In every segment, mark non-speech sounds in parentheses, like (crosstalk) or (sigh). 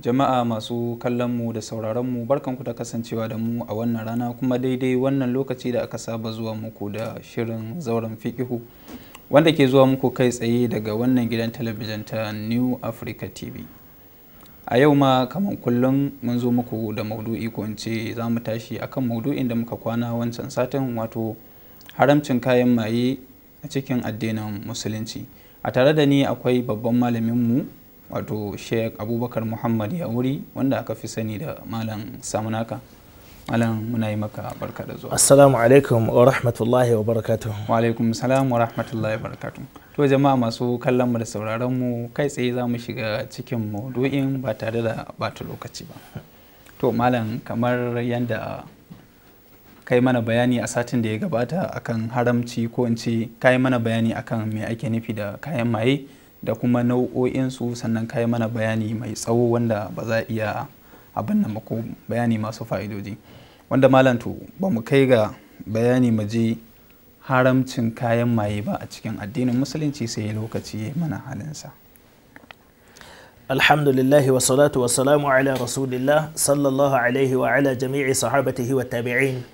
jama'a masu kallon mu da sauraronmu mu ku da kasancewa da mu a wannan rana kuma daidai wannan lokaci da aka saba zuwa muku da shirin zauren fikihu wanda ke zuwa muku kai tsaye daga wannan gidan talabijin ta new africa tv a yau ma kamar kullum mun zo muku da maudu'i ko in ce za mu tashi akan maudu'in da muka kwana wancan satin wato haramcin kayan maye a cikin addinin musulunci a tare da ni akwai babban malaminmu. wato sheik abubakar muhammad ya wuri wanda aka fi sani da malam samunaka malam muna yi maka barka da zuwa assalamu alaikum wa rahmatullahi wa barakatuh wa alaikum salam wa rahmatullahi wa barakatuh to jama'a masu kallon mu da sauraron mu kai tsaye za mu shiga cikin maudu'in ba tare da bata lokaci ba to malam kamar yadda kai mana bayani a satin da ya gabata akan haramci ko in ce kai mana bayani akan me ake nufi da kayan maye da kuma nau'o'insu sannan kai mana bayani mai tsawo wanda ba za a iya abin nan ko bayani masu fa'idoji wanda malam to ba mu kai ga bayani mu je haramcin kayan maye ba a cikin addinin musulunci sai lokaci ya mana halinsa alhamdulillah wa salatu wa salamu ala rasulillah sallallahu alaihi wa ala jami'i sahabatihi wa tabi'in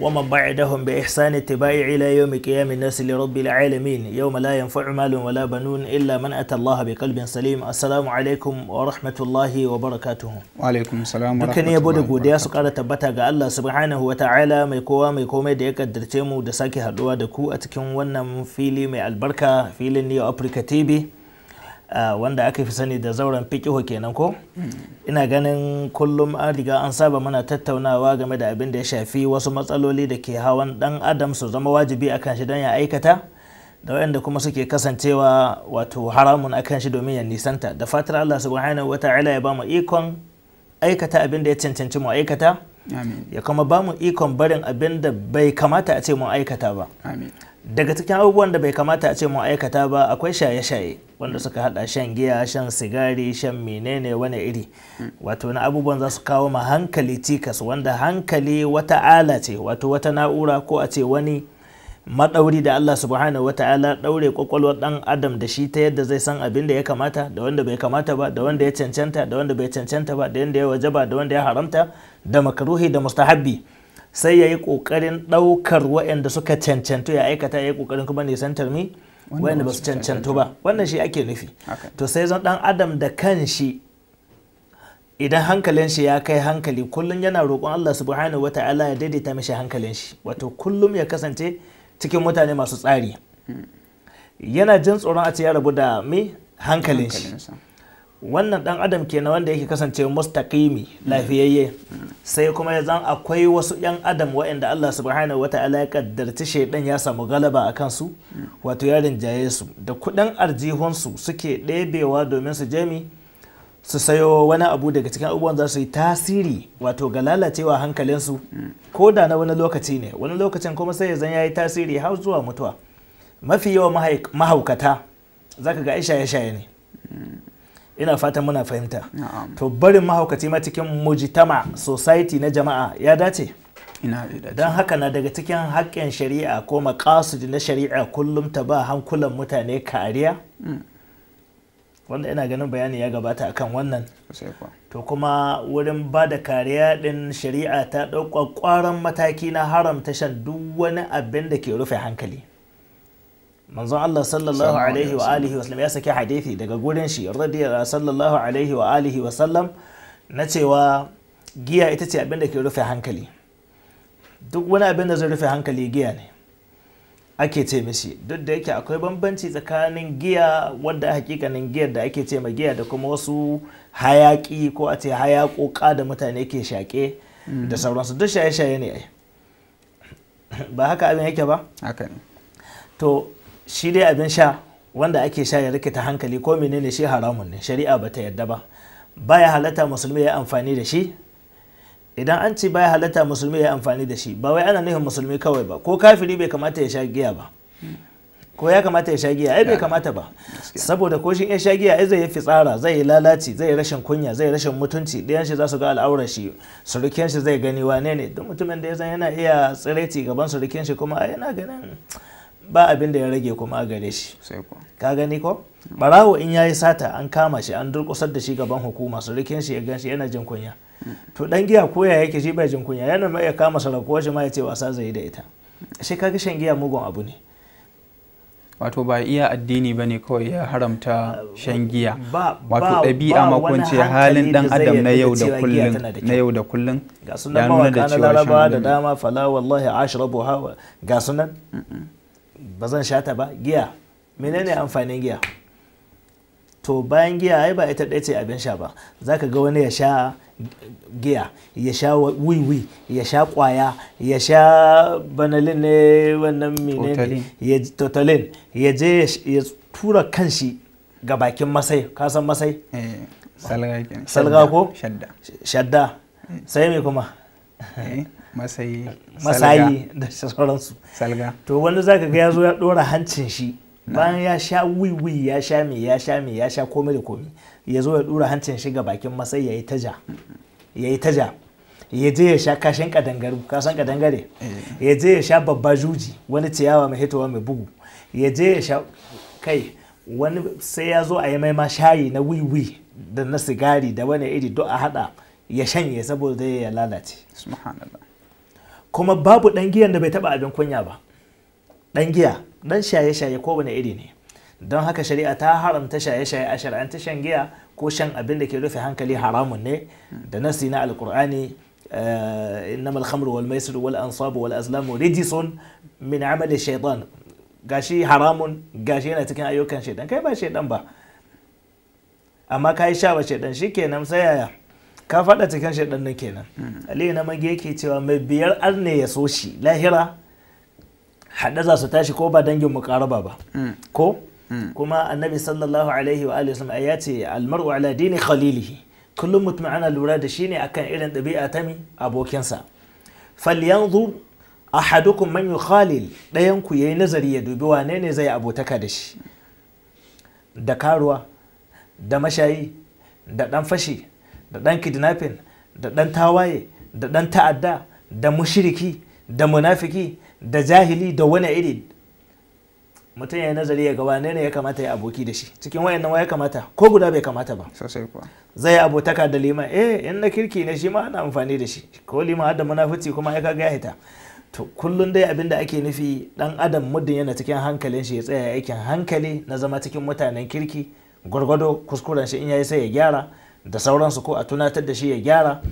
ومن بعدهم بإحسان اتباع إلى يوم قيام الناس لرب العالمين يوم لا ينفع مال ولا بنون إلا من أتى الله بقلب سليم السلام عليكم ورحمة الله وبركاته وعليكم السلام ورحمة الله وبركاته godiya su ƙara tabbata ga Allah subhanahu wa ta'ala mai kowa mai komai da ya kaddarce mu da sake haɗuwa da ku a cikin wannan fili mai albarka filin Neo Africa TV Ah, wanda aka fi sani da zauren fikihu kenan ko ina ganin kullum an riga an saba mana tattaunawa game da abin da ya shafi wasu matsaloli da ke hawan dan adam su zama wajibi akan shi don ya aikata da wayanda kuma suke kasancewa wato haramun akan shi domin ya nisanta da fatar Allah subhanahu wa ta'ala ya bamu ikon aikata abin da ya cancanci mu aikata ya kuma bamu ikon barin abin da bai kamata a ce mu aikata ba daga cikin abubuwan da bai kamata a ce mun aikata ba akwai shaye-shaye wanda suka hada shan giya shan sigari shan menene wani iri wato na abubuwan za su kawo ma hankali tikas wanda hankali wata ala ce wato wata na'ura ko a ce wani maɗauri da Allah subhanahu wata'ala ɗaure kwakwalwar ɗan adam da shi ta yadda zai san abin da ya kamata da wanda bai kamata ba da wanda ya cancanta da wanda bai cancanta ba da yanda ya wajaba da wanda ya haramta da makaruhi da mustahabbi sai ya yi kokarin daukar waɗanda suka cancanto ya aikata ya yi kokarin kuma nisantar mi waɗanda ba su cancanto ba wannan shi ake nufi to sai zan dan adam da kan shi idan hankalin shi ya kai hankali kullum yana roƙon Allah subhanahu wata'ala ya daidaita mishi hankalin shi wato kullum ya kasance cikin mutane masu tsari hmm. yana jin tsoron a ce ya rabu da me hankalin shi wannan dan adam kenan wanda yake kasance mustaqimi lafiyayye sai kuma ya zan akwai wasu yan adam waɗanda Allah subhanahu wata'ala ya kaddarci shaidan ya samu galaba a kansu wato ya rinjaye su da kuɗin arjihunsu suke ɗebewa domin su jami su sayo wani abu daga cikin abubuwan za su yi tasiri wato ga lalacewa hankalinsu ko da na wani lokaci ne wani lokacin kuma sai ya zan ya yi tasiri har zuwa mutuwa mafi yawan mahaukata zaka ga aisha shaye-shaye ne ina fatan muna fahimta to barin mahaukaci ma cikin mujtama society na jama'a ya dace don haka na daga cikin haƙƙin shari'a ko makasudi na shari'a kullum ta ba hankulan mutane kariya mm. wanda ina ganin bayani ya gabata akan wannan to kuma wurin ba da kariya ɗin shari'a ta ɗauka ƙwaron mataki na haramta shan duk wani abin da ke rufe hankali manzon Allah sallallahu alaihi wa alihi wasallam ya saki hadithi daga gurin shi radiyallahu sallallahu alaihi wa alihi wasallam na cewa giya ita ce abin da ke rufe hankali duk wani abin da zai rufe hankali giya ne ake ce mishi duk da yake akwai bambanci tsakanin giya wadda hakikanin giyar da ake ce ma giya da kuma wasu hayaki ko a ce hayakoka da mutane ke shaƙe mm-hmm. da sauransu duk shaye-shaye ne ba haka abin yake ba to shi dai abin sha wanda ake sha ya ta hankali ko menene shi haramun ne shari'a ta yarda ba baya halatta musulmi ya amfani da shi idan an ce baya halatta musulmi ya amfani da shi ba wai ana nufin musulmi kawai ba ko kafiri bai kamata ya sha giya ba ko ya kamata ya sha giya ai bai kamata ba saboda ko shi ya sha giya ai zai yi fitsara zai yi lalaci zai yi rashin kunya zai yi rashin mutunci ɗayan shi za su ga al'aurar shi surukin shi zai gani wane ne duk mutumin da ya san yana iya tsireti gaban surukin shi kuma ai yana ganin ba abin da ya rage kuma a gare shi ka gani ko barawo in yayi sata an kama shi an durkusar da shi gaban hukuma su rikin shi ya gan shi yana jin kunya to dan giya ko ya yake shi bai jin kunya yana mai ya kama sarakuwa shi ma ya ce wasa zai da ita shi kaga shan giya mugun abu ne wato ba iya addini ba ne kawai ya haramta shan giya wato ɗabi'a makonci halin dan adam na yau da kullum na yau da kullum ga sunan mawaka na da dama fala wallahi ashrabu hawa ga sunan ba zan sha ta ba giya menene amfanin giya to bayan giya ai ba ita ɗaya ce abin sha ba za ka ga wani ya sha giya ya sha wiwi ya sha kwaya ya sha banalin ne wannan menene ya totalin ya je ya tura kanshi ga bakin masai kasan masai eh, salga ko shadda sai mai kuma eh. masayi da sauransu salga to wani zaka ga ya zo ya dora hancin shi bayan ya sha wiwi ya sha me ya sha me ya sha komai da komai ya zo ya dora hancin shi ga bakin masai ya yi taja ya yi taja ya je ya sha kashin ka san kadangare eh. ya je ya sha babba juji wani ciyawa mai hitowa mai bugu ya je ya sha kai wani sai ya zo a yi maima shayi na wiwi da na sigari da wani iri duk a hada ya shanye saboda ya lalace subhanallah kuma babu ɗan giyan da bai taɓa abin kunya ba ɗan giya ɗan shaye-shaye ko wani iri ne don haka shari'a ta haramta shaye-shaye a shari'anta shan giya ko shan abin da ke rufe hankali haramun ne da nasi na alkur'ani eh, innama alhamr wal maisir wal ansab wal azlam rijisun min amali shaitan gashi haramun gashi yana cikin ayyukan shaitan kai ba shaitan ba amma kai sha ba shaitan shikenan sai yaya ka faɗa cikin shaidan nan kenan aliyu na mage yake cewa mai biyar ne ya so shi lahira haɗa za su tashi ko ba dangin muƙaraba ba ko kuma annabi sallallahu alaihi wa alihi wasallam ya ce almar'u ala dini khalilihi kullum mutum ana lura da shi ne akan irin ɗabi'a ta mi abokinsa falyanzu ahadukum man yukhalil ɗayan ku yayi nazari ya dubi wane ne zai abotaka da shi da karuwa da mashayi da ɗan fashi da ɗan kidnapping da ɗan tawaye da ɗan ta'adda da mushiriki da munafiki da jahili da wani iri mutum ya nazari ya gawane ne ya kamata ya aboki da shi cikin wayan ya kamata ko guda bai kamata ba zai abotaka da liman eh in na kirki ne shi ma ana amfani da shi ko liman har da munafici kuma ya kaga ya hita to kullum dai abin da ake nufi dan adam muddin yana cikin hankalin shi ya tsaya aikin hankali na zama cikin mutanen kirki gwargwado kuskuren shi in yayi sai ya gyara da sauransu ko a tunatar da shi ya gyara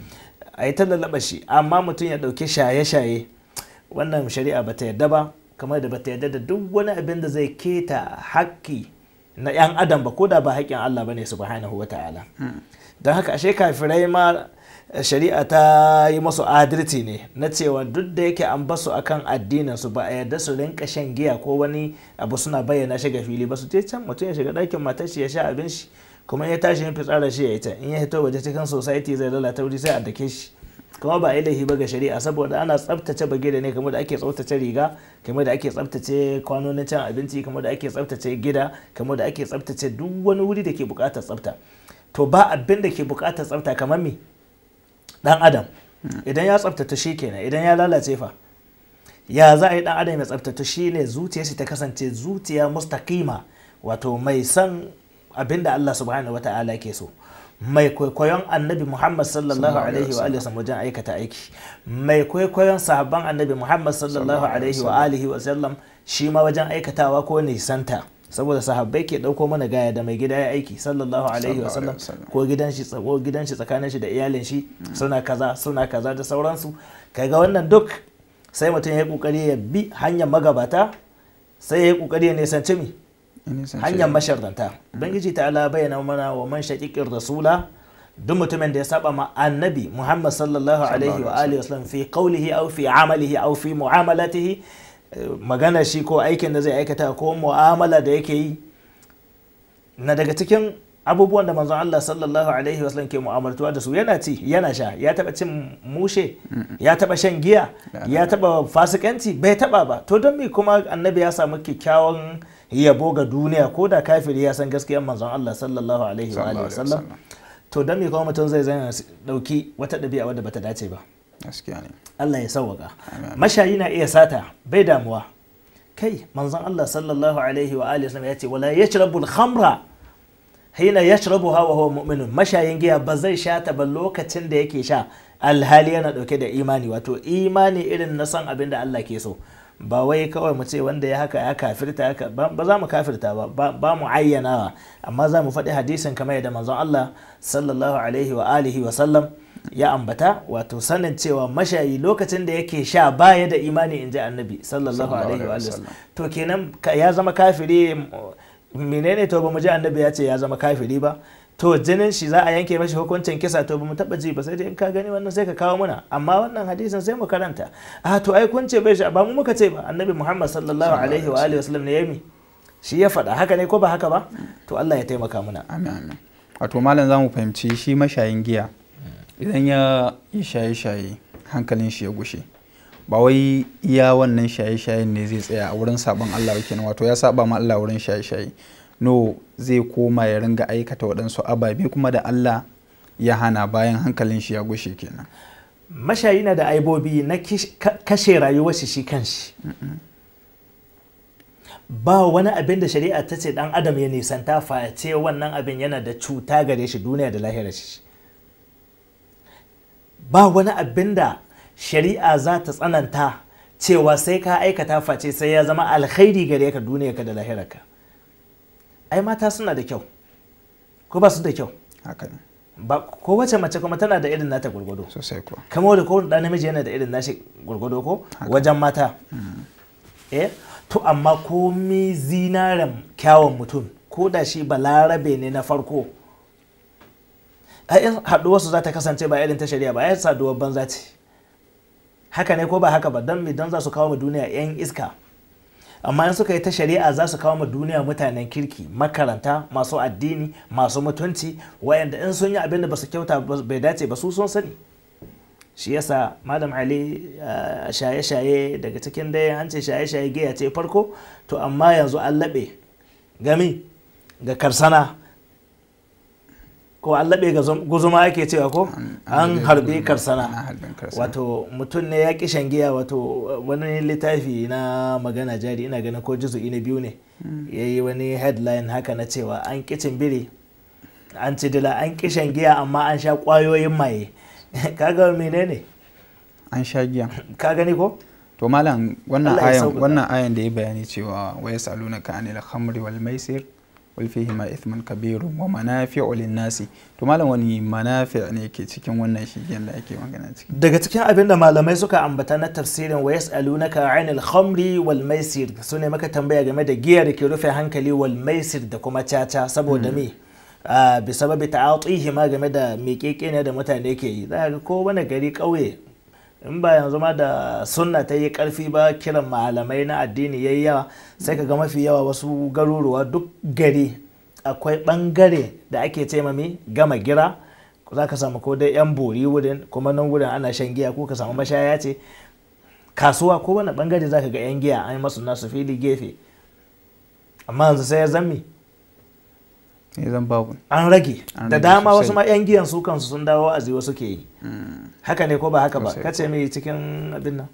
a yi ta shi amma mutum ya ɗauki shaye-shaye wannan shari'a bata yarda ba kamar da bata yarda da duk wani abin da zai keta haƙƙi na 'yan adam ba ko da ba haƙƙin Allah bane subhanahu wa ta'ala don haka ashe kafirai ma shari'a ta yi masu adalci ne na cewa duk da yake an basu akan addinin su ba a yarda su rinka shan giya ko wani abu suna bayyana shiga fili ba su je can mutum ya shiga ɗakin matar shi ya sha abin shi kuma ya tashi yin fitsara shi ya yi in ya hito waje cikin society zai lalata wuri sai a dake shi kuma ba ilahi ba ga shari'a saboda ana tsabtace bagida ne kamar da ake tsabtace riga kamar da ake tsabtace kwanonin cin abinci kamar da ake tsabtace gida kamar da ake tsabtace duk wani wuri da ke bukatar tsabta to ba abin da ke bukatar tsabta kamar me dan adam idan ya tsabtace shi kenan idan ya lalace fa ya za a yi dan adam ya tsabtace shi ne zuciyarsa shi ta kasance zuciya mustaqima wato mai san Abin da Allah subhanahu ta'ala ke so mai kwaikwayon annabi muhammad sallallahu alaihi wa alihi wajen aikata aiki mai kwaikwayon sahabban annabi muhammad sallallahu alaihi wa alihi sallam shi ma wajen aikatawa ko nisanta saboda sahabbai ke dauko mana gaya da mai gida ya aiki sallallahu alaihi sallam ko gidan shi tsako gidan shi tsakanin shi da iyalin shi hmm. suna kaza suna kaza da sauransu ga wannan duk sai mutum ya kokari ya bi hanyar magabata sai ya kokari ya nisanci mi hanyar masharranta ubangiji ala bayyana mana wa man shaqiqir rasula duk mutumin da ya saba ma annabi muhammad sallallahu alaihi wa alihi wasallam fi qawlihi aw fi amalihi aw fi mu'amalatihi eh, magana shi ko aikin da zai aikata ko mu'amala da yake yi na daga cikin abubuwan da manzon Allah sallallahu alaihi wasallam ke mu'amaltuwa da su yana ci yana sha ya taba cin mushe ya taba shan giya ya taba fasikanci bai taba ba to don me kuma annabi ya samu kyakkyawan yabo ga duniya ko da kafiri ya san gaskiyar manzon Allah sallallahu alaihi wa alihi wasallam to dan me kuma mutum zai zai dauki wata dabi'a wadda bata dace ba gaskiya ne Allah ya sauwaka mashayi na iya sata bai damuwa kai manzon Allah sallallahu alaihi wa alihi wasallam ya ce wala yashrabul khamra hina yashrabuha wa huwa mu'min mashayin giya ba zai sha ta ba lokacin da yake sha alhali yana dauke da imani wato imani irin na san abin da Allah ke so ba wai kawai mu ce wanda ya haka ya kafirta haka ba za mu kafirta ba ba mu ayyanawa amma za mu faɗi hadisin kamar yadda manzon Allah sallallahu alaihi wa alihi wa sallam ya ambata wato sanin cewa mashayi lokacin da yake sha baya da imani in ji annabi sallallahu alaihi wa sallam to kenan ya zama kafiri menene to ba mu ji annabi ya ce ya zama kafiri ba to jinin shi za a yanke mashi hukuncin kisa to bamu taba ji ba sai dai in ka gani wannan sai ka kawo muna amma wannan hadisin sai mu karanta a ah, to ai kun ce bai shi ba mu muka ce ba annabi Muhammad sallallahu alaihi wa alihi wasallam ne yami shi ya faɗa haka ne ko ba haka ba to Allah ya taimaka muna amin amin wato malam zamu fahimci shi mashayin giya idan ya yi shaye-shaye hankalin shi ya gushe ba wai iya wannan shaye-shayen ne zai tsaya a wurin saban Allah kenan wato ya saba ma Allah wurin shaye-shaye no zai koma ya ringa aikata waɗansu ababe kuma da Allah ya hana bayan hankalin shi ya gushe kenan mashayi na da aibobi na kashe rayuwar shi shi kanshi ba wani abin da shari'a ta ce ɗan adam ya nisanta face wannan abin yana da cuta gare shi duniya da lahira shi ba wani abin da shari'a za ta tsananta cewa sai ka aikata face sai ya zama alkhairi gare ka duniya ka da ka. ai mata suna da kyau ko ba su da kyau ba ko wace mace kuma tana da irin nata Kama sosai ko kamar da kowane namiji yana da irin nashi gurgudu ko wajen mata mm-hmm. eh to amma komi zinaren kyawun mutum ko da shi balarabe ne na farko ai wasu za ta kasance ba irin ta shari'a ba ai saduwar banza ce haka ne ko ba haka ba don me don za su kawo mu duniya yan iska amma in suka yi ta shari'a za su kawo ma duniya mutanen kirki makaranta masu addini masu mutunci wayanda in sun yi abin da ba su kyauta bai dace ba su sun sani shi yasa malam ali ah, shaye-shaye daga cikin dai an ce shaye-shaye giya ce farko to amma yanzu an laɓe gami ga karsana ko an laɓe guzuma yake cewa ko an harbe karsana wato mutum ne ya kishan giya wato wani littafi na magana jari ina ganin ko juzu'i na biyu ne hmm. ya yi wani headline haka na cewa an kicin biri an ci dila an kishan giya amma an sha kwayoyin maye (laughs) kaga menene an sha giya ka gani ko to malam wannan ayan da ya bayani cewa wa yasalunaka anil khamri wal maisir qul fihi ma ithman kabirun wa manafi'u lin-nasi to malam wani manafi' ne ke cikin wannan shigen da ake magana ciki daga cikin abin da malamai suka ambata na tafsirin wa yas'alunaka 'anil khamri wal maisir su ne maka tambaya game da giya da ke rufe hankali wal maisir da kuma caca saboda me sababi ta'atihi ma game da miƙeƙe ne da mutane ke yi za ka ko wani gari ƙauye in ba yanzu ma da sunna ta yi karfi ba kiran malamai na addini ya yi yawa sai ka ga mafi yawa wasu garuruwa duk gari akwai bangare da ake ce gama gira za ka samu ko dai yan bori wurin kuma nan wurin ana shan giya ko ka samu mashaya ce kasuwa ko wani bangare za ka ga yan giya an yi masu nasu fili gefe amma yanzu sai ya zami Eh, zan babu an rage da dama wasu ma yan giyan su kansu sun dawo a wasu suke yi hmm. haka ne ko ba haka ba kace mai cikin abin nan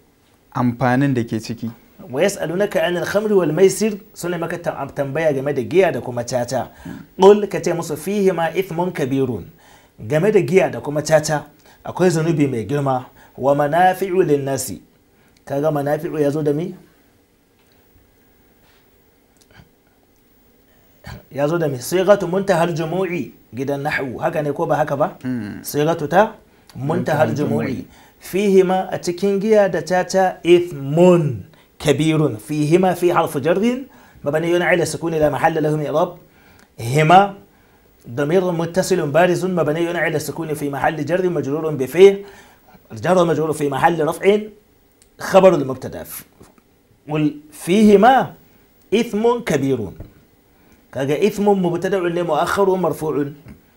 amfanin da ke ciki wa yas'alunaka anil khamri wal maisir sunai maka tambaya game da giya da kuma caca qul kace musu fihi ma ithmun kabirun game da giya da kuma caca akwai zanubi mai girma wa manafi'u lin nasi kaga manafi'u yazo da mi يازو دمي صيغة منتهى الجموعي جدا نحو هكا نيكوبا هكا با صيغة تا منتهى الجموعي فيهما اتكينجيا دتاتا اثم كبير فيهما في حرف جر مبني على السكون لا محل لهم إعراب هما ضمير متصل بارز مبني على السكون في محل جر مجرور بفيه الجر مجرور في محل رفع خبر المبتدا فيهما إثم كبير كاجا إثم مبتدع لمؤخر مرفوع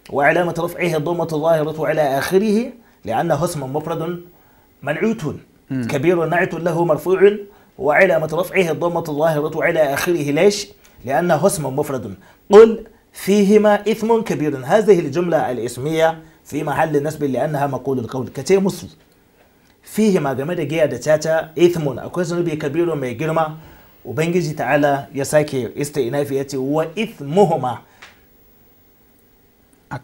وعلامة رفعه الضمة الظاهرة على آخره لأنه اسم مفرد منعوت كبير نعت له مرفوع وعلامة رفعه الضمة الظاهرة على آخره ليش؟ لأنه اسم مفرد قل فيهما إثم كبير هذه الجملة الإسمية في محل نسب لأنها مقول القول كتي مصر فيهما جمد جيادة تاتا إثم أكوزن بي akwai ما يجرما ubangiji ta'ala ya sake inafi ya ce wa ithmuhuma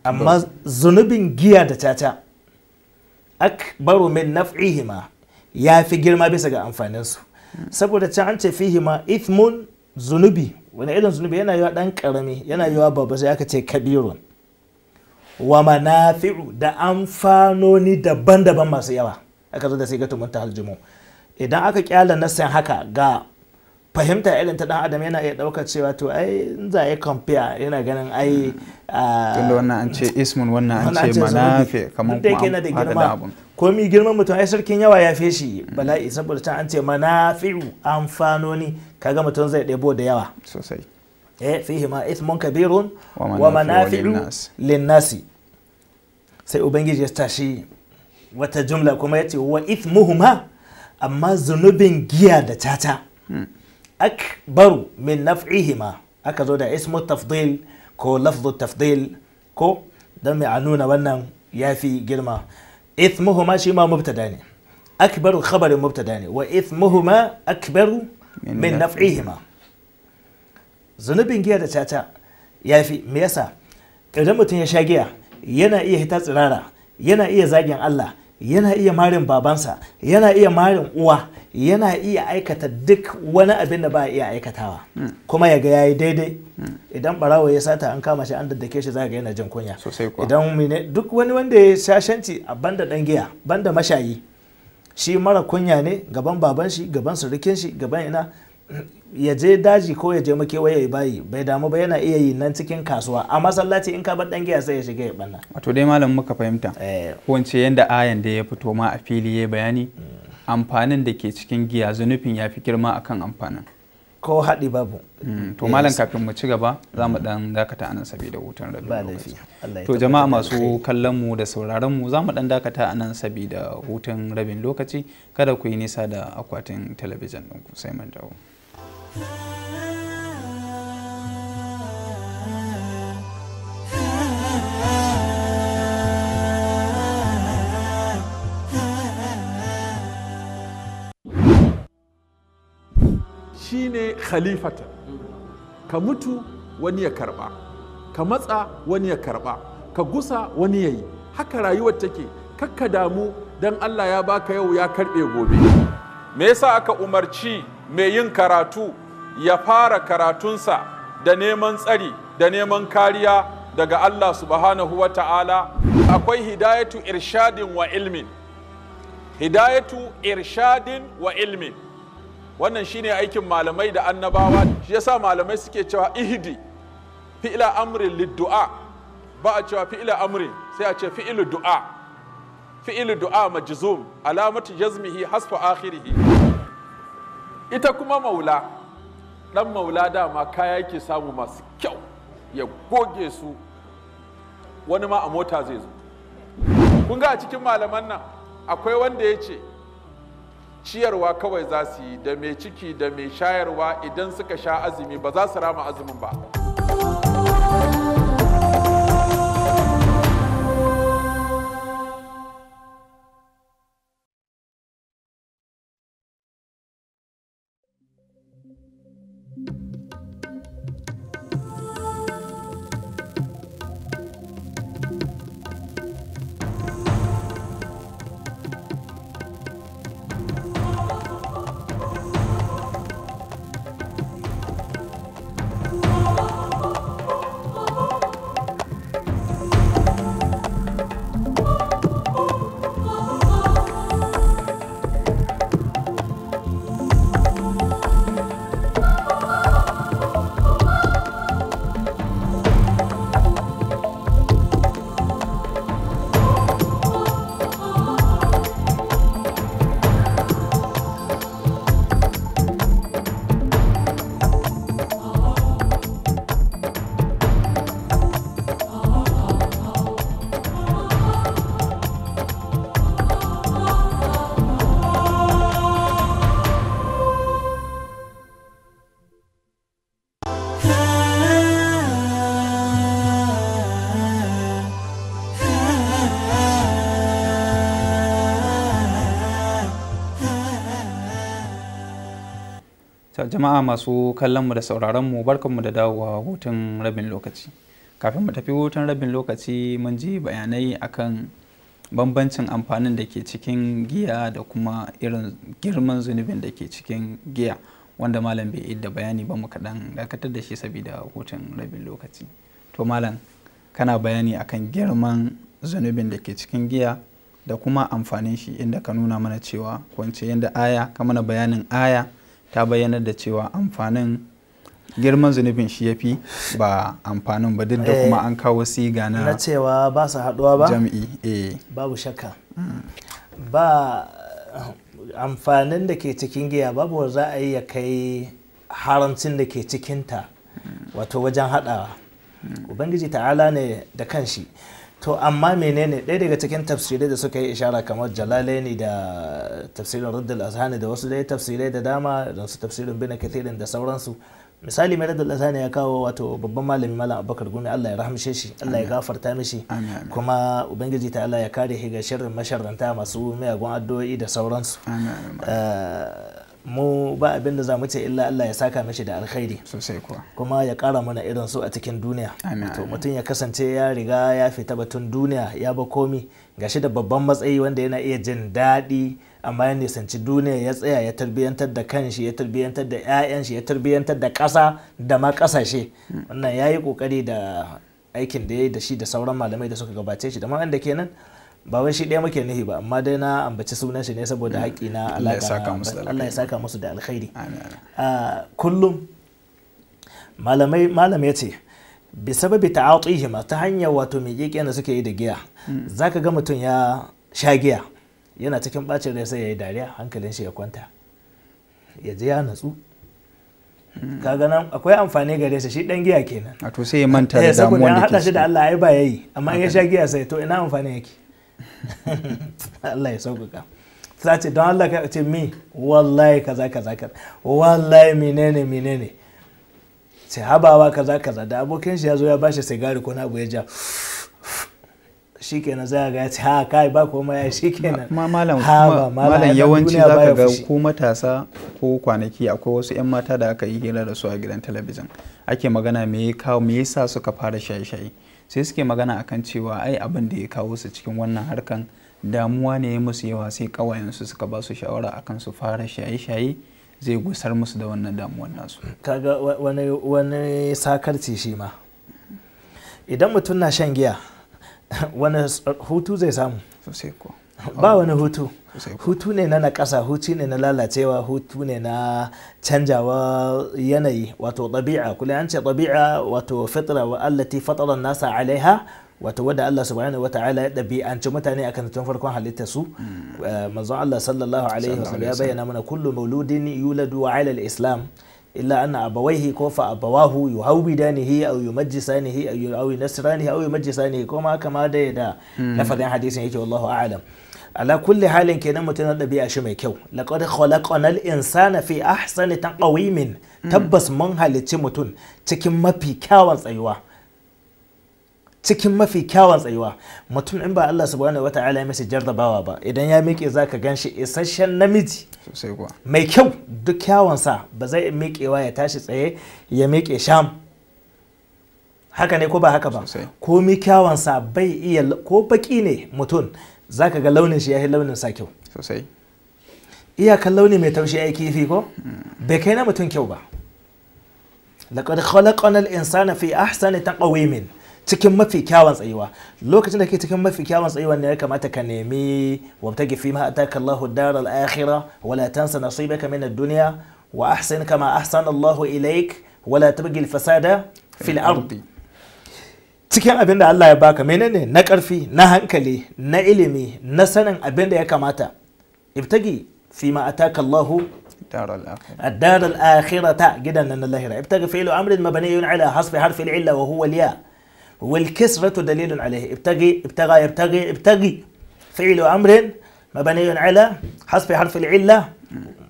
amma zunubin giya da caca akbaru min naf'ihima ya fi girma bisa ga amfaninsu saboda can an ce fihima ithmun zunubi wani irin zunubi yana yiwa dan karami yana yiwa babba sai aka ce kabirun wa manafi'u da amfanoni daban-daban masu yawa aka zo da sai ga tumunta haljimu idan aka kyala nasan haka ga fahimta irin ta dan adam yana iya dauka cewa to ai za a yi kamfiya yana ganin ai mm. ah, tunda wannan an ce ismun wannan an ce manafi kamar kuma yana da girma komi girman mutum ai sarkin yawa ya fe shi mm. bala'i saboda ta an ce manafi'u amfanoni kaga mutum zai ɗebo da yawa sosai eh fihi ma ismun kabirun wa manafi'u linnasi sai ubangiji ya tashi wata jumla kuma ya ce wa ithmuhuma amma zunubin giya da tata akbaru min naf'ihima aka zo da ismu tafdil ko lafzu tafdil ko don mai a nuna wannan ya fi girma ithmuhuma shi ma mubtada ne akbaru khabarin mubtada ne wa ithmuhuma akbaru min naf'ihima zunubin giya da caca ya fi me yasa idan mutum ya sha giya yana iya hita tsirara yana iya zagin Allah yana iya marin babansa yana iya marin uwa yana iya aikata duk wani abin da ba iya aikatawa hmm. kuma ya ga yayi daidai hmm. idan barawa ya sata an kama shi an daddake shi za ga yana jin kunya idan duk wani wanda ya shashanci a banda dan giya banda mashayi shi mara kunya ne gaban baban shi gaban surukin shi gaban ina ya je daji ko ya je waya ya bayi bai damu ba yana iya yi nan cikin kasuwa a masallaci in ka bar dan giya sai ya shiga ya banna wato dai malam muka fahimta eh. ko in ce yanda ayan da ya fito ma a fili ya bayani mm. amfanin da ke cikin giya zunufin ya fi girma akan amfanin ko haɗi babu mm. to malam kafin mu ci gaba za mu dan mm. dakata anan saboda hutun rabin lokaci to jama'a masu kallon mu da sauraron mu za mu dan dakata anan saboda hutun rabin lokaci kada ku yi nisa da akwatin talabijin ɗinku sai mun dawo Shi ne khalifata ka mutu wani ya karba ka matsa wani ya karba ka gusa wani ya yi haka rayuwar take kakka damu don allah ya baka yau ya karbe gobe me yasa aka umarci mai yin karatu ya fara karatunsa da neman tsari da neman kariya daga Allah subhanahu wa ta'ala akwai hidayatu irshadin wa ilmin hidayatu irshadin wa ilmin wannan shine aikin malamai da annabawa shi yasa malamai suke cewa ihdi fi'la amrin liddu'a ba a cewa fi'la amrin sai a ce fi'lu du'a fi'lu du'a majzum alamatu jazmihi hasfa akhirih ita kuma maula dan maula dama kaya yake samu masu kyau ya goge su wani ma a mota zai zo kun ga a cikin malaman nan akwai wanda ya ce ciyarwa kawai za su yi da mai ciki da mai shayarwa idan suka sha azumi ba za su rama azumin ba jama'a masu kallonmu da sauraronmu barkanmu da dawowa hutun rabin lokaci kafin mu tafi hutun rabin lokaci mun ji bayanai akan bambancin amfanin da ke cikin giya da kuma irin girman zunubin da ke cikin giya wanda malam bai idda bayani ba mu kaɗan dakatar da shi saboda hutun rabin lokaci to malam kana bayani akan girman zunubin da ke cikin giya da kuma amfanin shi inda ka nuna mana cewa kwance yadda aya ka mana bayanin aya ta bayyana da cewa amfanin girman zunubin shi ya fi ba amfanin ba duk da eh, kuma an kawo siga na na cewa ba su haduwa ba jam'i eh. babu shakka hmm. ba amfanin da ke cikin giya babu za a yi ya kai harancin da ke cikinta hmm. wato wajen haɗawa hmm. ubangiji ta'ala ne da kanshi to amma menene ɗaya daga cikin tafsirai da suka yi ishara kamar jalalaini da tafsirin ruddul azhani da wasu dai tafsirai da dama da su tafsirin bin kathirin da sauransu misali mai radar azhani ya kawo wato babban malami malam abubakar gumi allah ya rahamshe shi allah ya gafarta mishi kuma ubangiji ta allah ya kare shi ga masharranta masu miyagun addu'o'i da sauransu eh, mu ba abin da za mu ce illa Allah ya saka mishi da alkhairi sosai kuwa kuma ya kara mana irin su a cikin duniya to mutum ya kasance ya riga ya fita batun duniya ya ba komi gashi da babban matsayi wanda yana iya jin daɗi amma ya nisanci duniya ya tsaya ya tarbiyyantar da kanshi ya tarbiyyantar da 'ya'yan shi ya tarbiyyantar da ƙasa da ma ƙasashe wannan ya yi ƙoƙari da aikin da ya yi da shi da sauran malamai da suka gabace shi da ma da kenan ba wai shi ɗaya muke nihi ba amma dai na ambaci sunan shi ne saboda mm. haƙi na alaƙa Allah ya saka musu da alkhairi ah, kullum malamai malamai ce bi sababi ta'atihima ta hanyar wato mai da suke yi da giya mm. zaka ga mutum ya sha giya yana cikin bacin rai sai ya yi dariya hankalin shi ya kwanta ya je ya natsu mm. kaga nan akwai amfani gare shi shi dan giya kenan to sai ya manta eh, da damuwan da ke saboda an hada shi da Allah ai ba yayi amma in ya sha giya sai to ina amfani yake (laughs) Allah ya sauƙaƙa ta ce don Allah ka ce mi wallahi ka za ka za ka, wallahi minene minene. ce habawa ka za ka za, da abokin shi ya zo ya bashi sigari ko na abu ya ja shikenan za a ga ya ce ha kai ba koma ya shikenan malam malam yawanci za ka ga ko matasa ko kwanaki akwai wasu 'yan mata da aka yi hira da su a gidan talabijin ake magana me ya kawo me ya sa suka fara shaye-shaye sai suke magana akan cewa ai abin da ya kawo su cikin wannan harkan damuwa ne ya musu yawa sai su suka ba su shawara akan su fara shaye-shaye zai gusar musu da wannan damuwan nasu kaga wani sakarci shi ma idan mutum na shan giya (laughs) wani hutu zai samu ba wani hutu hutu ne na nakasa hutu ne na lalacewa hutu ne na canjawa yanayi wato ɗabi'a kula an ce ɗabi'a wato fitra wa allati fatara nasa alaiha wato wadda Allah subhanahu wa ta'ala ya ci mutane akan tun farkon halitta su hmm. eh, manzon Allah sallallahu alaihi sallam ya bayyana mana kullu mauludin yuladu ala al-islam illa anna abawaihi ko fa abawahu yuhawidanihi aw yumajjisanihi aw yunasiranihi aw yumajjisanihi ko ma kama da da hmm. lafazin hadisin yake wallahu a'lam ala kulli halin kenan mutum na ɗabi'a shi mai kyau laqad al insana fi ahsani taqwimin tabbas mun halicci mutum cikin mafi kyawun tsayuwa cikin mafi kyawun tsayuwa mutum in ba Allah subhanahu wata'ala ya masa jarrabawa ba idan ya miƙe zaka ganshi isasshen namiji mai kyau duk kyawun sa ba zai miƙewa ya tashi tsaye ya miƙe sham haka ne ko ba haka ba komi sa bai iya ko baki ne mutum za ka ga launin shi ya yi launin sa kyau sosai iyakan launi mai taushi ya yi kifi ko bai kai na mutum kyau ba laqad khalaqana al fi ahsani taqwimin cikin mafi kyawun tsayuwa lokacin da ke cikin mafi kyawun tsayuwa ne ya kamata ka nemi wabtagi fi ma ataka Allahu dar al wala tansa nasibaka min ad duniya wa ahsin kama ahsana Allahu ilaik wala tabghi al-fasada fil ardi cikin abin da Allah ya baka menene na ƙarfi na hankali na ilimi na sanin abin da ya kamata ibtagi fi ma ataka Allahu الدار الآخرة جدا أن الله ابتغى فعل أمر مبني على حصف حرف العلة وهو الياء والكسرة دليل عليه ابتغي ابتغى يبتغي ابتغي فعل أمر مبني على حصف حرف العلة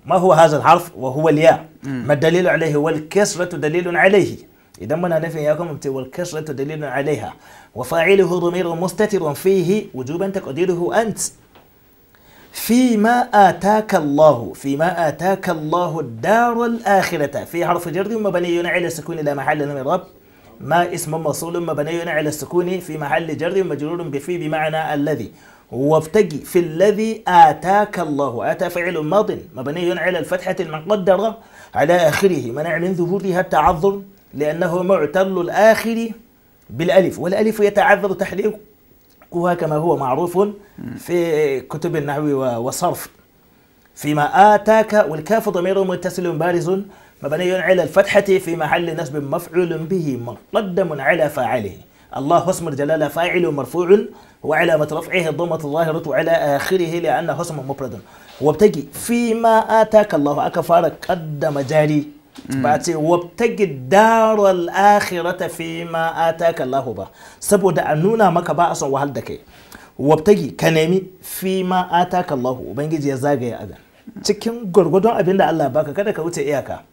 ما هو هذا الحرف وهو الياء ما الدليل عليه والكسرة دليل عليه إذا من ياكم إياكم والكسرة دليل عليها وفاعله ضمير مستتر فيه وجوبا تقديره أنت فيما آتاك الله فيما آتاك الله الدار الآخرة في حرف جر مبني على السكون لا محل من رب ما اسم موصول مبني على السكون في محل جر مجرور بفي بمعنى الذي وابتغي في الذي آتاك الله آتى فعل ماض مبني على الفتحة المقدرة على آخره منع من ظهورها التعذر لأنه معتل الآخر بالألف والألف يتعذر تحريكها كما هو معروف في كتب النحو والصرف فيما آتاك والكاف ضمير متصل بارز مبني على الفتحة في محل نصب مفعول به مقدم على فاعله الله اسم الجلالة فاعل مرفوع وعلامة رفعه الضمة الظاهرة على آخره لأنه اسم مفرد وابتقي فيما آتاك الله أكفار قدم جاري ba ce wabtagi daral akhirata fi ma ataka Allahu ba saboda a nuna maka ba a son wahal da kai wabtagi ka nemi fi ma ataka Allahu ubangiji ya zagaya agan cikin gwargwadon abin da Allah baka kada ka wuce iyaka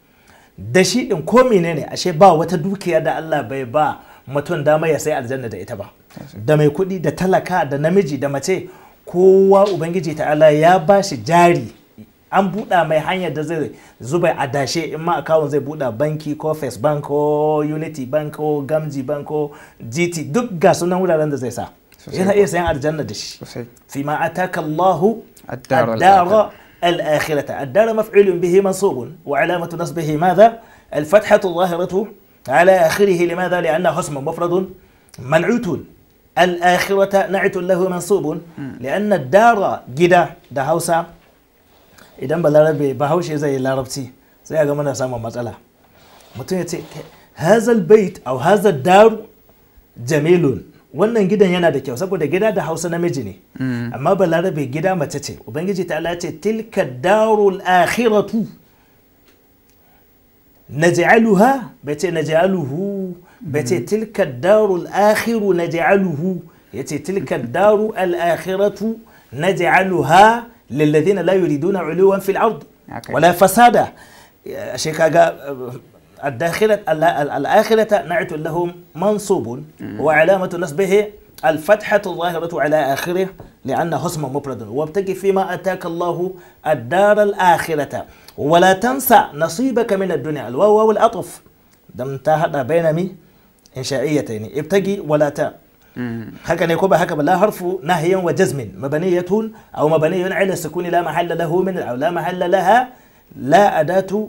da shi din ko menene ashe ba wata dukiya da Allah bai ba mutum dama ya sai aljanna da ita ba da mai kuɗi da talaka da namiji da mace kowa ubangiji ta'ala ya ba shi jari an buda mai hanyar da zai zuba a dashe in ma account zai buda banki ko first bank ko unity bank ko gamji bank ko gt duk ga sunan wuraren da zai sa yana iya sayan aljanna da shi fi ma ataka allah ad-dar al akhirah ad-dar maf'ul bihi mansub wa alamatu nasbihi madha al-fathatu dhahiratu ala akhirih limadha li'anna husma mufrad man'ut الآخرة نعت له منصوب لأن الدار جدا ده هوسا idan ba Larabe ba haushe zai yi larabci sai ga mana samun matsala mutum ya ce hazal bait au hazal daru jamilun wannan gidan yana da kyau saboda gida da hausa namiji ne mm. amma ba Larabe gida mace ce ubangiji ta ce tilka darul akhiratu naj'aluha bai ce naj'aluhu bai ce mm. tilka darul akhiru naj'aluhu yace tilka daru al akhiratu naj'aluha للذين لا يريدون علوا في الأرض ولا فسادا شيء الداخلة الآخرة نعت لهم منصوب وعلامة نصبه الفتحة الظاهرة على آخره لأنه اسم مفرد وابتك فيما أتاك الله الدار الآخرة ولا تنسى نصيبك من الدنيا الواو والأطف دمتها بينما بين مي إنشائيتين ابتقي ولا تا هكا نيكوبا هكا لا حرف نهي وجزم مبنية أو مبنية على السكون لا محل له من أو لا محل لها لا أداة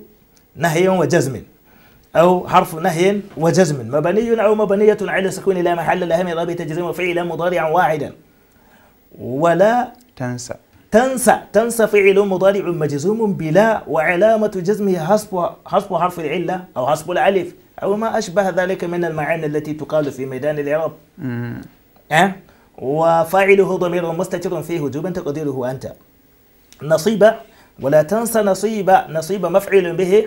نهي وجزم أو حرف نهي وجزم مبني أو مبنية على السكون لا محل لها من رابط جزم وفعلا مضارعا واحدا ولا تنسى تنسى تنسى فعل مضارع مجزوم بلا وعلامة جزمه حسب حسب حرف العلة أو حسب الألف أو ما أشبه ذلك من المعاني التي تقال في ميدان الإعراب أه؟ وفاعله ضمير مستتر فيه وجوبا تقديره أنت نصيب ولا تنسى نصيب نصيب مفعل به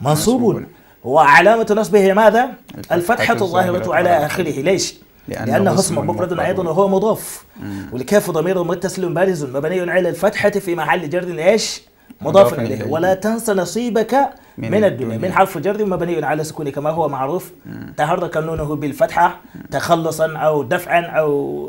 منصوب وعلامة نصبه ماذا؟ الفتحة الظاهرة على آخره ليش؟ لأنه, لأنه اسم مفرد أيضا وهو مضاف والكاف ضمير متصل بارز مبني على الفتحة في محل جر إيش؟ مضاف إليه ولا تنس نصيبك من, الدنيا. من حرف جر مبني على سكون كما هو معروف تحرك نونه بالفتحة تخلصا أو دفعا أو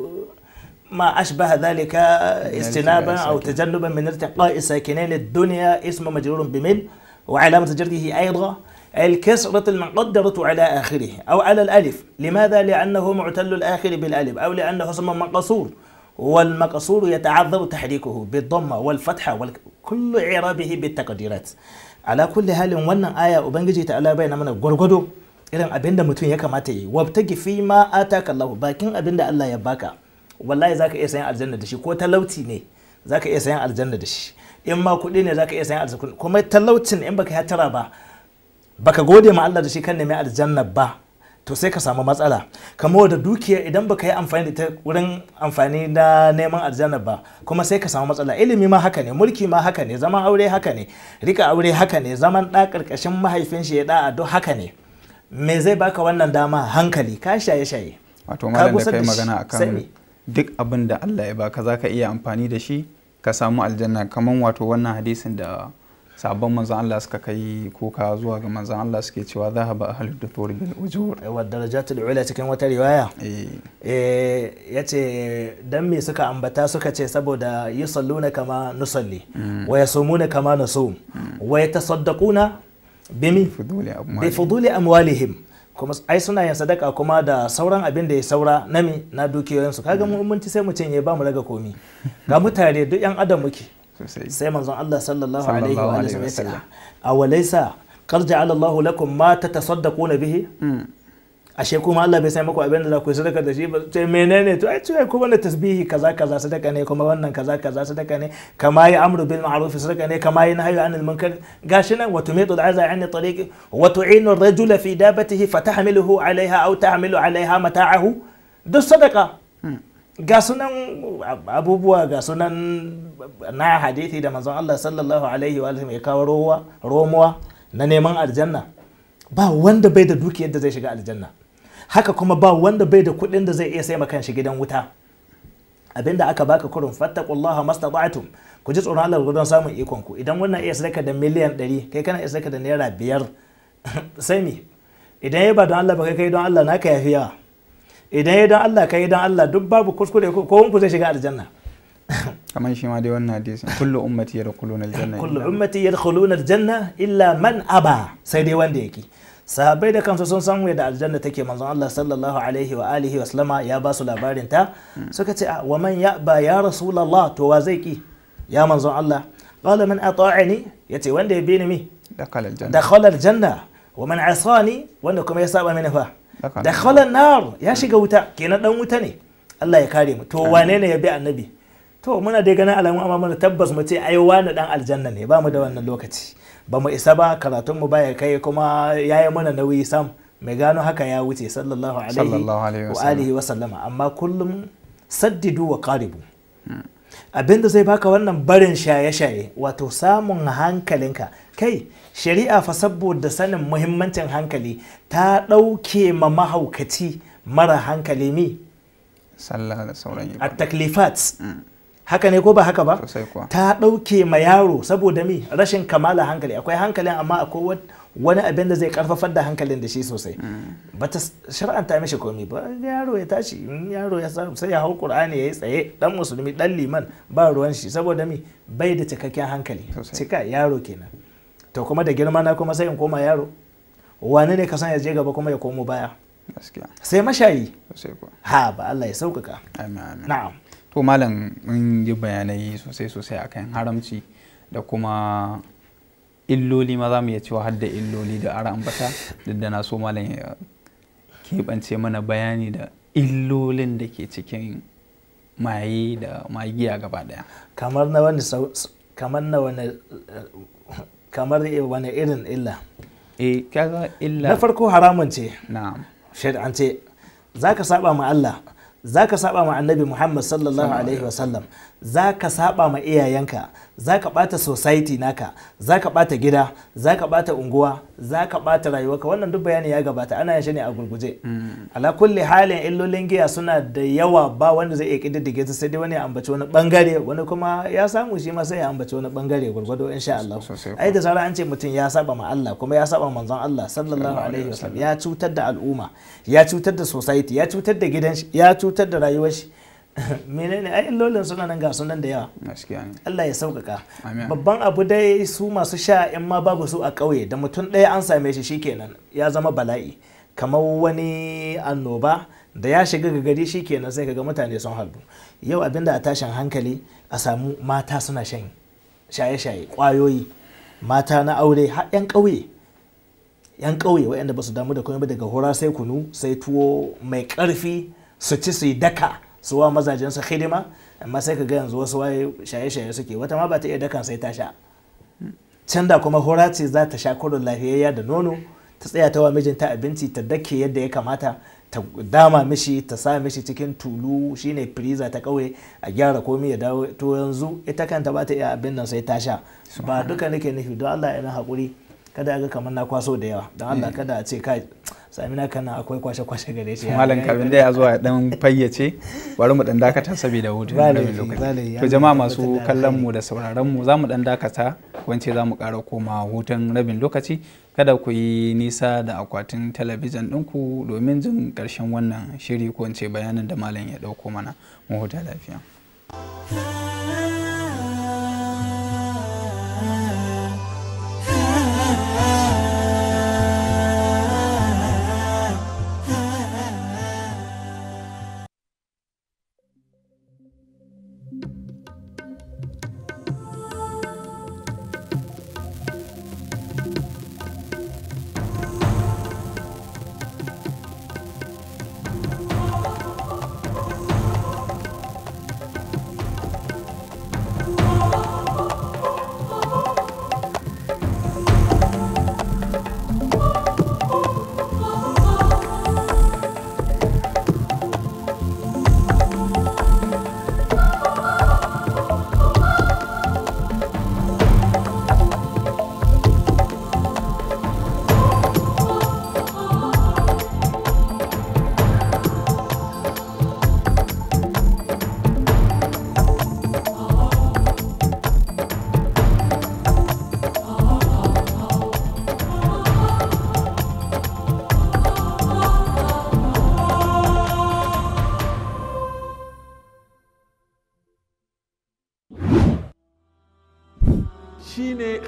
ما أشبه ذلك استنابا أو تجنبا من ارتقاء ساكنين الدنيا اسم مجرور بمن وعلامة جره أيضا الكسرة المقدرة على آخره أو على الألف لماذا؟ لأنه معتل الآخر بالألف أو لأنه اسم مقصور والمقصور يتعذر تحريكه بالضمة والفتحة kullu irabihi bi taqdirat ala kulli halin wannan aya ubangiji ta ala bayyana mana gwargwado irin abinda mutum ya kamata yi wabtaki fi ma ataka Allah bakin abinda Allah ya baka wallahi zaka iya sayan aljanna da shi ko talauci ne zaka iya sayan aljanna da shi in ma kuɗi ne zaka iya sayan aljanna kuma talaucin in baka hatara ba baka gode ma Allah dashi shi kan nemi aljanna ba to sai ka samu matsala kamar da dukiya idan baka yi amfani da ta wurin amfani na neman aljanna ba kuma sai ka samu matsala ilimi ma haka ne mulki ma haka ne zaman aure haka ne rika aure haka ne zaman da ƙarƙashin mahaifin shi ya da a duk haka ne me zai baka wannan dama hankali ka shaye shaye wato malam da kai magana akan duk abin da Allah ya baka zaka iya amfani da shi ka samu aljanna kamar wato wannan hadisin da sabon manzan Allah suka kai kuka zuwa ga manzan Allah suke cewa za ba ahli tori bin ujur eh, wa darajatul ula cikin wata riwaya eh, eh yace dan me suka ambata suka ce saboda yusalluna kama nusalli hmm. wa yasumuna kama nasum hmm. wa yatasaddaquna bimi bi fuduli amwalihim kuma ai suna yin sadaka kuma da sauran abin da ya saura na na dukiyoyinsu kaga hmm. mu mun sai mu cinye ba mu raga komi ga mutare duk yan adam muke سيما الله صلى الله عليه, وسلم, عليه وسلم أو ليس قد جعل الله لكم ما تتصدقون به أشياء كما الله بيسامكوا أبين الله كي صدق هذا الشيء بس منين تو أشياء كما التسبيه كذا كذا صدق أني كما وانا كذا كذا صدق أني كما يأمر بالمعروف صدق أني كما ينهى عن المنكر قاشنا وتميت العزاء عن الطريق وتعين الرجل في دابته فتحمله عليها أو تحمل عليها متاعه ده الصدقة ga sunan abubuwa ga sunan na hadithi da manzon Allah sallallahu alaihi wa ya kawo romuwa na neman aljanna ba wanda bai da dukiyar da zai shiga aljanna haka kuma ba wanda bai da kuɗin da zai iya sai makan shi gidan wuta abinda aka baka kurin fattaqullaha mastata'tum ku ji tsoron Allah gudun samun ikon ku idan wannan iya sadaka da miliyan 100 kai kana iya sadaka da naira biyar (laughs) sai me idan ya ba don Allah ba kai kai don Allah naka yafiya idan ya dan Allah kai dan Allah duk babu kuskure ko ku zai shiga aljanna (laughs) kamar shi ma dai wannan hadisi kullu ummati yadkhuluna aljanna kullu ummati yadkhuluna aljanna illa man aba sai dai wanda yake sahabbai da kansu sun san da aljanna take manzon Allah sallallahu alaihi wa alihi wa sallama ya ba su labarin ta hmm. suka ce wa man ya ba ya rasulullah to wa zai ki ya manzon Allah qala man ata'ani yace wanda ya bi ni mi dakhala aljanna dakhala aljanna wa man asani wanda kuma ya saba mini fa da khalan nar ya shiga wuta kenan dan wuta ne Allah ya kare mu to wane ne ya bi annabi to muna dai ganin alamun amma mun tabbas mu ce ai wani dan aljanna ne ba mu da wannan lokaci ba mu isa ba karatun mu baya kai kuma yayi mana nauyi sam mai gano haka ya wuce sallallahu alaihi wa alihi wa sallama amma kullum saddidu wa qaribu hmm. abinda zai baka wannan barin shaye-shaye wato samun hankalinka kai shari'a fa saboda sanin muhimmancin hankali ta ɗauke ma mahaukaci mara hankali mi sallah taklifat mm. haka ne ko ba haka ba ta ɗauke ma yaro saboda mi rashin kamala hankali akwai hankalin amma akwai wani abin da zai karfafar da hankalin da shi sosai mm. ba ta shar'anta mishi komai ba yaro ya tashi yaro ya sai ya hau qur'ani yayi tsaye dan musulmi dan liman ba ruwan shi saboda mi bai da cikakken hankali cika yaro kenan to kuma da girma na kuma sai in koma yaro wani ne ka san ya je gaba kuma ya komo baya sai mashayi ha ba Allah ya sauƙaƙa na'am to malam mun yi bayanai sosai sosai akan haramci da kuma illoli ma za mu iya cewa har da illoli da ara ambata duk da na so malam ya keɓance mana bayani da illolin da ke cikin maye da magiya gaba daya kamar na wani kamar na wani kamar wani irin illa eh kaga illa na farko haramun ce na'am shari'an ce zaka saba ma Allah zaka saba ma Annabi Muhammad sallallahu alaihi wasallam za ka saba ma iyayenka za ka bata society naka za ka bata gida za ka bata unguwa za ka bata rayuwarka wannan duk bayani ya gabata ana yin shi ne a gurguje mm. ala kulli halin illolin giya suna da yawa ba wanda zai iya kididdige su sai dai wani ya ambaci wani bangare wani kuma ya samu shi ma sai ya ambaci wani bangare gurgudo insha Allah ai da zara an ce mutum ya saba ma Allah kuma ya saba manzon Allah sallallahu alaihi wasallam ya cutar da al'umma ya cutar da society ya cutar da gidan ya cutar da rayuwar shi (laughs) menene ai illolin suna nan ga sunan da yawa Allah ya sauƙaƙa babban abu dai su masu sha in ma babu su a ƙauye da mutum ɗaya an same shi shikenan ya zama bala'i kamar wani annoba da ya shiga ga gari shikenan sai ga mutane sun halbu yau abinda a tashin hankali a samu mata suna shan shaye-shaye ƙwayoyi mata na aure har 'yan ƙauye yan ƙauye waɗanda ba su damu da komai ba daga hura sai kunu sai tuwo mai ƙarfi su ci su yi daka su wa mazajen su hidima amma sai ka ga yanzu wasu waye shaye-shaye suke wata ma ba ta iya dakan sai ta sha can da kuma hora ce za ta sha kurin lafiyayya da nono ta tsaya ta wa mijinta abinci ta dake yadda ya kamata ta dama mishi ta sa mishi cikin tulu shine firiza ta kauye a gyara komi ya dawo to yanzu ita kanta ba ta iya abin nan sai ta sha ba duka nake nufi don Allah ina hakuri kada ga kamar na kwaso da yawa don Allah eh. kada a ce kai samina kana akwai kwashe-kwashe gare shi malam kafin da ya zuwa dan fayyace bari mu dan dakata saboda hutu to jama'a masu kallon mu da sauraron mu zamu dan dakata wance zamu ƙara koma hutun rabin lokaci kada ku yi nisa da akwatin talabijin ɗinku domin jin ƙarshen wannan shiri ko bayanin da malam ya ɗauko mana mu huta lafiya.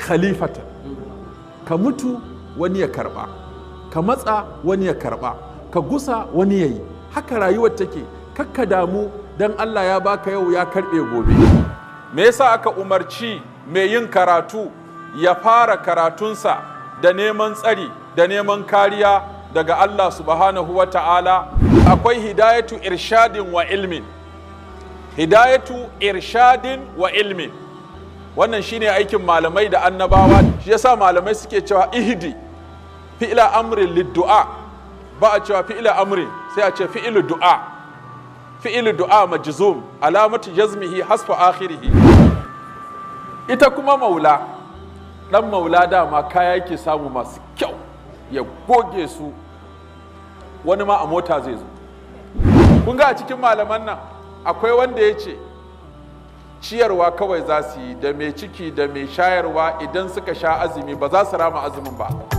khalifata ka mutu wani ya karba ka matsa wani ya karba ka gusa wani ya yi haka rayuwar take kakka damu don allah ya baka yau ya karbe gobe me yasa aka umarci mai yin karatu ya fara karatunsa da neman tsari da neman kariya daga allah subhanahu wa ta'ala akwai hidayatu irshadin wa ilmin hidayatu irshadin wa ilmin wannan shine aikin malamai da annabawa shi yasa malamai suke cewa ihdi fi'ila amrin liddu'a ba a cewa fi'ila amrin sai a ce fi'ilu du'a fi'ilu du'a majzum alamatu jazmihi hasfa akhirih ita kuma maula dan maula dama kaya yake samu masu kyau ya goge su wani ma a mota zai zo kun ga a cikin malaman nan akwai wanda ya ce ciyarwa kawai za su yi da mai ciki da mai shayarwa idan suka sha azumi ba za su rama azumin ba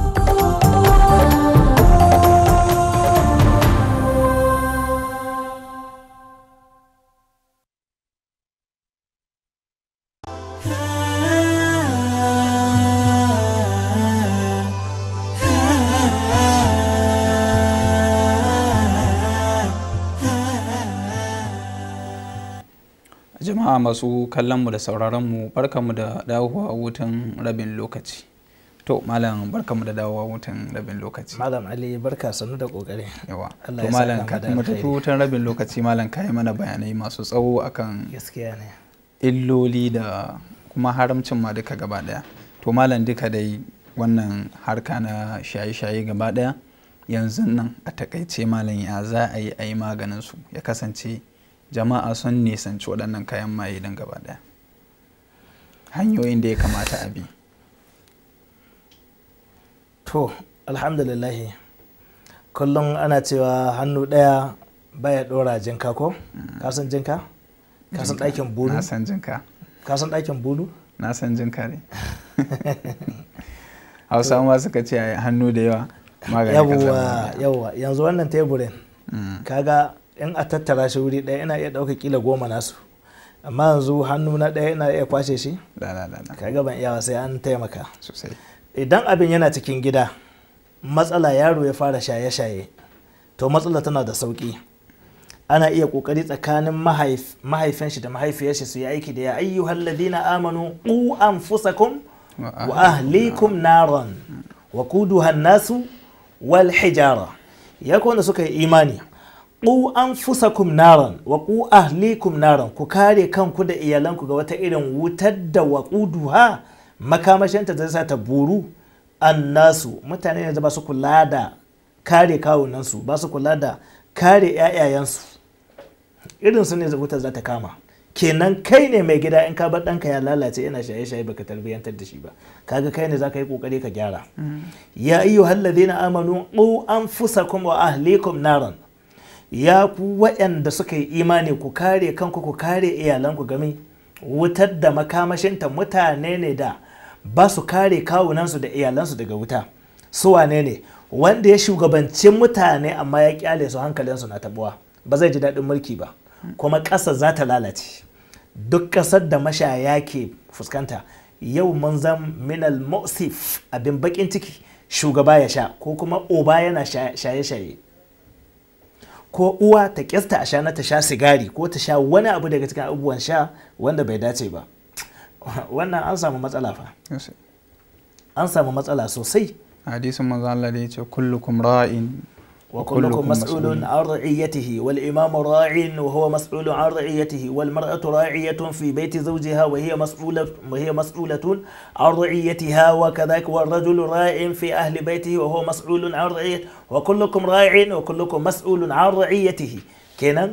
jama'a masu kallonmu da sauraronmu barkanmu da dawowa wutan rabin lokaci to malam barkanmu da dawowa wutan rabin lokaci malam ali barka sannu da kokari yawa to malam kafin mu tafi wutan rabin lokaci malam kai mana bayanai masu tsawo akan gaskiya ne illoli da kuma haramcin ma duka gaba daya to malam duka dai wannan harka na shaye-shaye gaba daya yanzu nan a takaice malam ya za a yi a yi maganin su ya kasance jama'a sun nisanci waɗannan kayan maye don gaba ɗaya hanyoyin da ya kamata a bi to alhamdulillahi kullum ana cewa hannu ɗaya baya ɗora jinka ko mm. kasan jinka kasan ɗakin bulu na san jinka kasan ɗakin bulu na san jinka ne (laughs) hausa ma suka ce hannu da yawa magani yanzu wannan teburin mm. kaga in a tattara shi wuri ɗaya ina iya ɗauka kila goma nasu amma yanzu hannu na ɗaya ina iya kwashe shi ka gaban iyawa sai an taimaka idan abin yana cikin gida matsala yaro ya fara shaye-shaye to matsala tana da sauƙi ana iya ƙoƙari tsakanin mahaifin shi da mahaifiyar shi su yi aiki da ya ayyuhal na amanu ku anfusakum wa ahlikum naron wa kuduhan nasu wal hijara ya wanda suka yi imani ku an fusakum naran wa ku ahlikum naran ku kare kanku da iyalanku ga wata irin wutar da wa duha makamashinta zai sa ta buru annasu mutane yanzu ba su kula da kare kawunansu ba su kula da kare 'ya'yayensu irin su ne wutar za ta kama kenan kai ne mai gida in ka bar ɗanka ya lalace ina shaye-shaye baka tarbiyyantar da shi ba kaga kai ne za ka yi kokari ka gyara mm. ya iyo hallazina amanu qu anfusakum wa ahlikum naran ya ku waɗanda suka yi imani ku kare kanku ku kare iyalanku gami. wutar da makamashinta mutane ne da ba su kare kawunansu da iyalansu daga wuta su wane ne wanda ya shugabanci mutane amma ya kyale su hankalinsu na tabuwa ba zai ji daɗin mulki ba kuma ƙasa za ta lalace duk ƙasar da mashaya ke fuskanta yau mun zan minal mosif abin bakin ciki shugaba ya sha ko kuma oba yana shaye-shaye ko uwa ta kyasta a shana ta sha sigari ko ta sha wani abu daga cikin abubuwan sha wanda bai dace ba (laughs) wannan an samu matsala fa an samu matsala sosai hadisin manzo Allah da yace kullukum ra'in وكلكم مسؤول عن رعيته والإمام راع وهو مسؤول عن رعيته والمرأة راعية في بيت زوجها وهي مسؤولة وهي مسؤولة عن رعيتها وكذلك والرجل راع في أهل بيته وهو مسؤول عن رعيته وكلكم راع وكلكم مسؤول عن رعيته كينا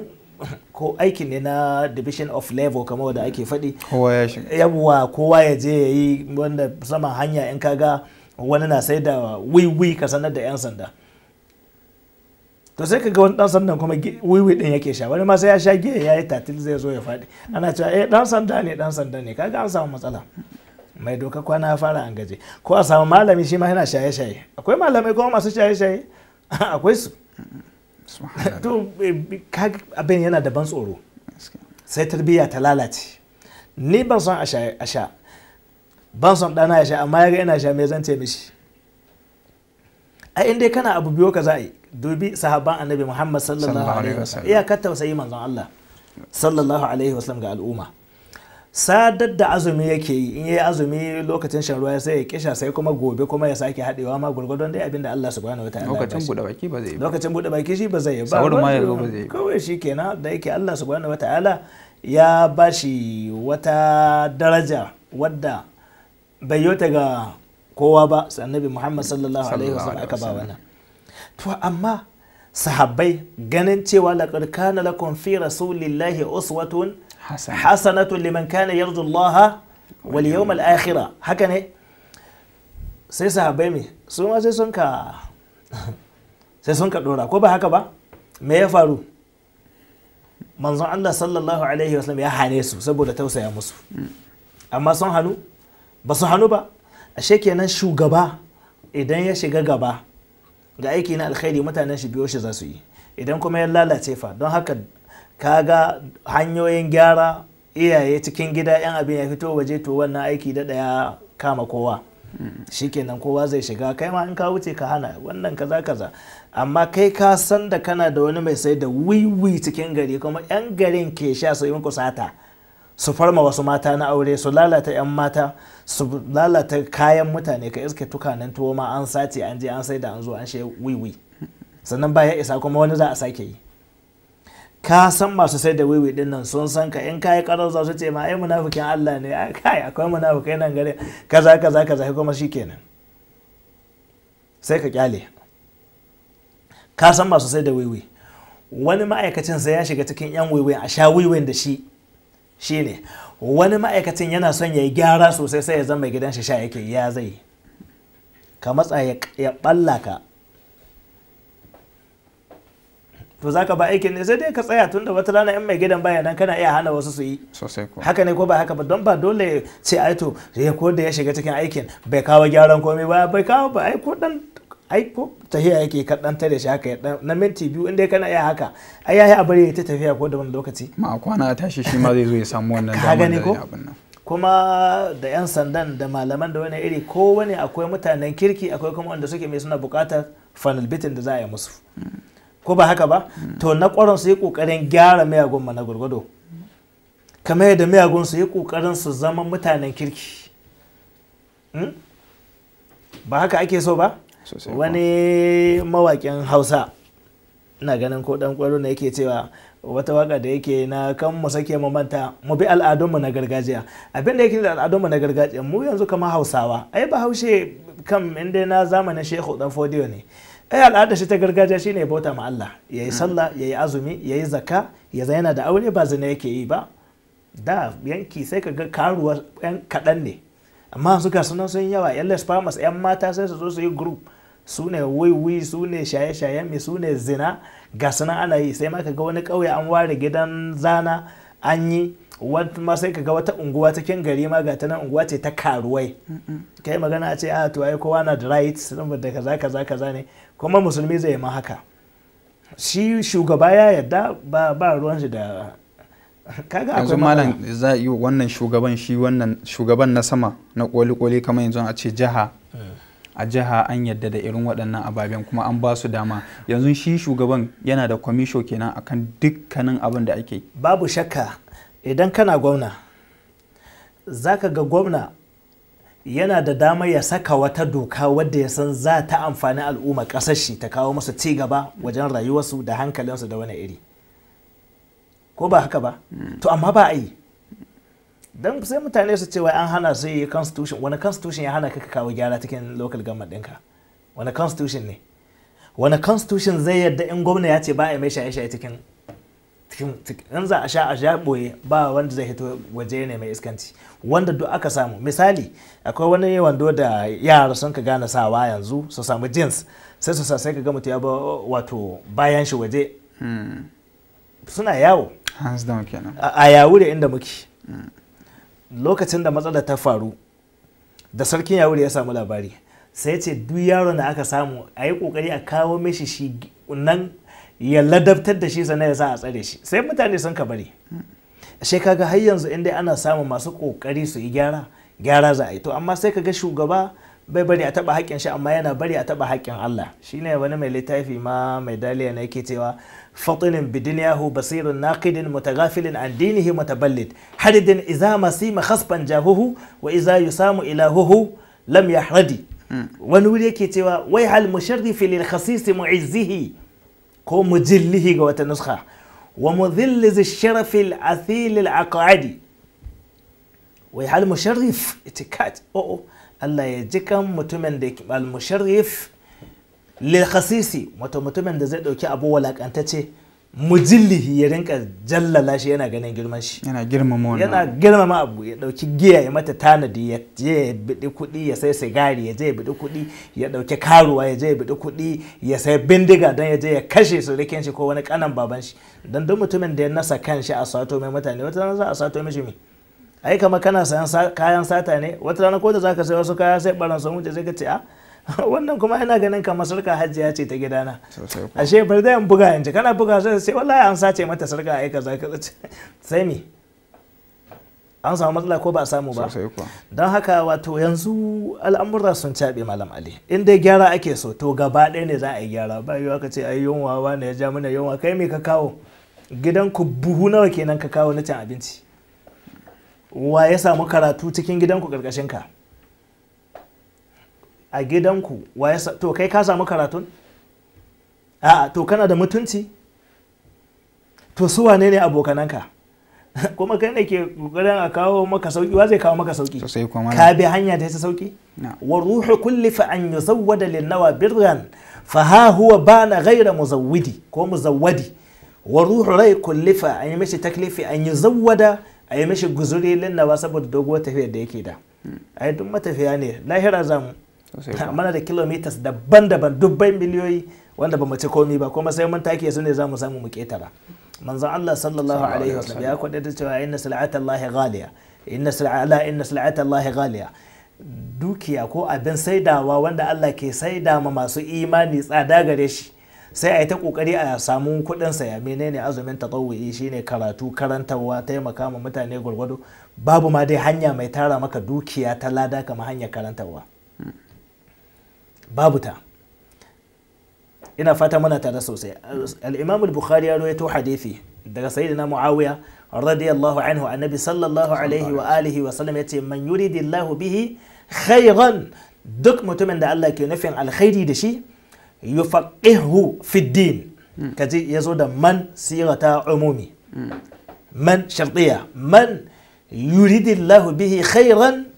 ko aikin ne na division of level kama wanda ake faɗi yabuwa kowa ya je ya yi wanda sama hanya in kaga wani na sai da wiwi ka sanar da 'yan sanda to sai ka ga wani dan sandan kuma wiwi din yake sha wani ma sai ya sha giya ya yi tatil zai zo ya faɗi ana cewa eh dan sanda ne dan sanda ne kaga an samu matsala mai doka kwana ya fara an gaje ko a samu malami shi ma yana shaye shaye akwai malamai kuma masu shaye shaye (laughs) akwai su (laughs) to eh, abin yana da ban tsoro sai tarbiyya ta lalace ni ban son a sha ban son dana ya sha amma ya ina sha me zan ce mishi a inda kana abu biyo ka za a yi dubi sahabban annabi muhammad sallallahu alaihi wasallam iyakar tausayi manzon allah sallallahu alaihi wasallam ga al'umma sadar da azumi yake yi in yayi azumi lokacin shan ruwa sai ya kisha sai kuma gobe kuma ya sake hadewa ma gurgurdon dai abinda Allah subhanahu wataala lokacin bude baki ba zai yi lokacin bude baki shi ba zai yi ba kawai shi ba zai yi kawai da yake Allah subhanahu ala ya bashi wata daraja wadda bayyota ga kowa ba su muhammad sallallahu alaihi wasallam aka ba wannan to amma sahabbai ganin cewa laqad kana lakum fi rasulillahi uswatun hasanatun liman kana yarju Allah wal yawmal akhirah haka ne sai sahabbai me su ma sai sun ka (laughs) sai sun ka dora ko ba haka ba me ya faru manzon Allah sallallahu alaihi wasallam ya hane su saboda tausaya musu mm. amma sun hanu ba su hanu ba ashe kenan shugaba idan ya shiga gaba ga aiki na alkhairi mutanen shi biyo shi za su yi idan kuma ya lalace fa don haka ka ga hanyoyin gyara iyaye cikin gida yan abin ya fito waje to wannan aiki da daya kama kowa shi kenan kowa zai shiga kai ma in ka wuce ka hana wannan kaza kaza amma kai ka san da kana da wani mai sai da wiwi cikin gari kuma yan garin ke sha sai muku sata su farma wasu mata na aure su lalata 'yan mata su lalata kayan mutane ka iske tukanen tuwo ma an sace an je an sai da an zo an she wiwi sannan baya isa kuma wani za a sake yi ka san masu sai da wiwi din nan sun san ka in kayi karar za su ce ma ai munafikin Allah ne kai akwai munafikai nan gare kaza kaza kaza kuma shikenan sai ka kyale ka san masu sai da wiwi wani ma'aikacin sai ya shiga cikin yan wiwi a sha wiwin da shi shine wani ma'aikacin yana son ya yi gyara sosai sai ya zama gidan shi sha yake ya zai ka matsa ya balla ka to ka ba aikin ne sai dai ka tsaya tun da wata rana in mai gidan baya nan kana iya hana wasu su yi haka ne ko ba haka ba don ba dole ce aito to ya ko da ya shiga cikin aikin bai kawo gyaran komai ba bai kawo ba ai ko dan ai tafiya yake ka dan tare shi haka na minti biyu inda kana iya haka ai yayi a bari ta tafiya ko da wani lokaci ma kwana a tashi shi ma zai zo ya samu wannan damar da abin nan kuma da 'yan sandan da malaman da wani iri ko wani akwai mutanen kirki akwai kuma wanda suke mai suna bukatar funnel bitin da za a yi musu ko ba haka ba to na kwaron su yi kokarin gyara miyagun na gwargwado kamar yadda miyagun su yi kokarin su zama mutanen kirki hmm? ba haka ake so ba wani mawakin hausa na ganin ko dan kwaro ne yake cewa wata waka da yake na kan mu sake mu manta mu bi al'adunmu na gargajiya abin da yake da mu na gargajiya mu yanzu kamar hausawa ai ba haushe kan inda na zamanin shehu dan fodiyo ne ai al'ada shi ta gargajiya shine bauta ma Allah yayi mm. sallah yayi azumi yayi zakka ya zaina da aure ba zina yake yi ba da yanki sai ka ga karuwa yan kaɗan ne amma suka sunan sun yawa yan les yan mata sai su zo su yi group su ne wiwi su ne shaye-shayen mai su ne zina ga suna ana yi sai ma ga wani ƙauye an ware gidan zana an yi ma sai ka ga wata unguwa ta kin gari ma ga ta nan unguwa ce ta karuwai kai magana ce a ah, to ai kowa na da right saboda kaza kaza kaza ne kuma musulmi zai yi ma haka shi shugaba ya yadda ba ruwan shi da (laughs) kaga akwai malam za yi wannan shugaban shi wannan shugaban na sama na koli koli kamar yanzu a ce jiha eh. a jiha an yadda da irin waɗannan ababen kuma an ba su dama yanzu shi shugaban yana da kwamisho kenan akan dukkanin abin da ake babu shakka idan kana gwamna za ka ga gwamna yana da dama ya saka wata doka wadda ya san za ta amfani al'umma ƙasar shi ta kawo musu ci gaba wajen rayuwarsu da hankalinsu da wani iri ko ba haka ba hmm. to amma ba a yi don sai mutane su cewa an hana su yi constitution wani constitution ya hana ka kawo gyara cikin local government ɗinka wani constitution ne wani constitution zai yadda in gwamna ya ce ba a mai shaye-shaye cikin in za a sha a sha boye ba wanda zai hito waje ne mai iskanci wanda duk aka samu misali akwai wani wando da yara sun ka gane sawa yanzu su samu jeans sai su sai ka ga ya ba wato bayan shi waje hmm. suna yawo a yawo da inda muke hmm. lokacin da matsalar ta faru da sarkin yawuri ya samu labari sai ce duk yaron da aka samu a yi kokari a kawo mishi shi nan ya ladabtar da shi sannan ya sa a tsare shi sai mutane sun ka bari shi kaga har yanzu inda ana samun masu kokari su yi gyara gyara za a yi to amma sai ka ga shugaba bai bari a taba haƙƙin shi amma yana bari a taba haƙƙin Allah shine wani mai littafi ma mai daliya na yake cewa فطن بدنياه بصير ناقد متغافل عن دينه متبلد حرد إذا ما سيم خصبا جاهه وإذا يسام إلهه لم يحرد ونقول يكي توا ويح المشرف للخصيص معزه كو مجله قوة النسخة ومذل ذي الشرف الأثيل العقادي ويح المشرف اتكات أو الله يجيكم متمن المشرف lil khasisi wato mutumin da zai dauki abu walakantacce mujillihi ya rinka jallala shi yana ganin girman shi yana girmama wannan yana girmama abu ya dauki giya ya mata tanadi ya je ya bidi kuɗi ya sai sigari ya je ya bidi kuɗi ya dauki karuwa ya je ya bidi kuɗi ya sai bindiga dan ya je ya kashe rikin shi ko wani kanan baban shi don duk mutumin da ya nasa kan shi a sato mai mutane wata rana za a sato mishi mi ai kamar kana sayan kayan sata ne wata rana ko da zaka sai wasu kaya sai baran sun wuce sai ka ce a ah, (laughs) wannan kuma yana ganin kamar sarka hajjiya ce ta gidana ashe bari da yin buga yanzu kana buga sai sai wallahi an sace mata sarka aika kaza kaza (laughs) sai me an samu matsala ko ba a samu ba don haka wato yanzu al'amura sun caɓe malam ali in dai gyara ake so to gaba ɗaya ne za a yi gyara ba yiwa ka ce ai yunwa wane ya ja mana yunwa kai me ka kawo gidan ku buhu nawa kenan ka kawo na cin abinci wa ya samu karatu cikin gidan ku ƙarƙashin ka a gidanku to kai ka samu karatun a'a to kana da mutunci to su wane ne abokananka (laughs) kuma kai ne ke kokarin a kawo maka sauki wa zai kawo maka sauki ka bi hanya ta yasa sauki wa ruhu kulli fa an yuzawwada lin nawa birran fa ha huwa bana ghayra muzawwidi ko muzawwadi wa ruhu rai kulli fa an yi taklifi an yuzawwada a yi mishi guzuri lin nawa saboda doguwar tafiyar da yake da hmm. ai duk matafiya ne lahira zamu mana da kilomitas daban-daban dubbai miliyoyi wanda ba mu ci komi ba kuma sai mun take su ne zamu samu mu ketara manzon Allah sallallahu alaihi wasallam ya da cewa inna sal'ata Allah ghaliya inna sal'ala inna sal'ata Allah ghaliya dukiya ko abin saidawa wanda Allah ke saida ma masu imani tsada gare shi sai a yi ta kokari a samu kuɗin saya menene azumin tatawuyi shine karatu karantarwa taimaka ma mutane gurgudu babu ma dai hanya mai tara maka dukiya ta lada kamar hanyar karantarwa babu ta ina fata muna tare sosai al-imam al-bukhari ya rawaito hadisi daga sayyidina muawiya radiyallahu anhu annabi sallallahu alaihi wa alihi wa sallam yace man yuridillahu bihi khairan duk mutumin da Allah ke nufin alkhairi da shi yufaqihu fi din hmm. kaji yazo da man sirata umumi hmm. man shartiya man yuridillahu bihi khairan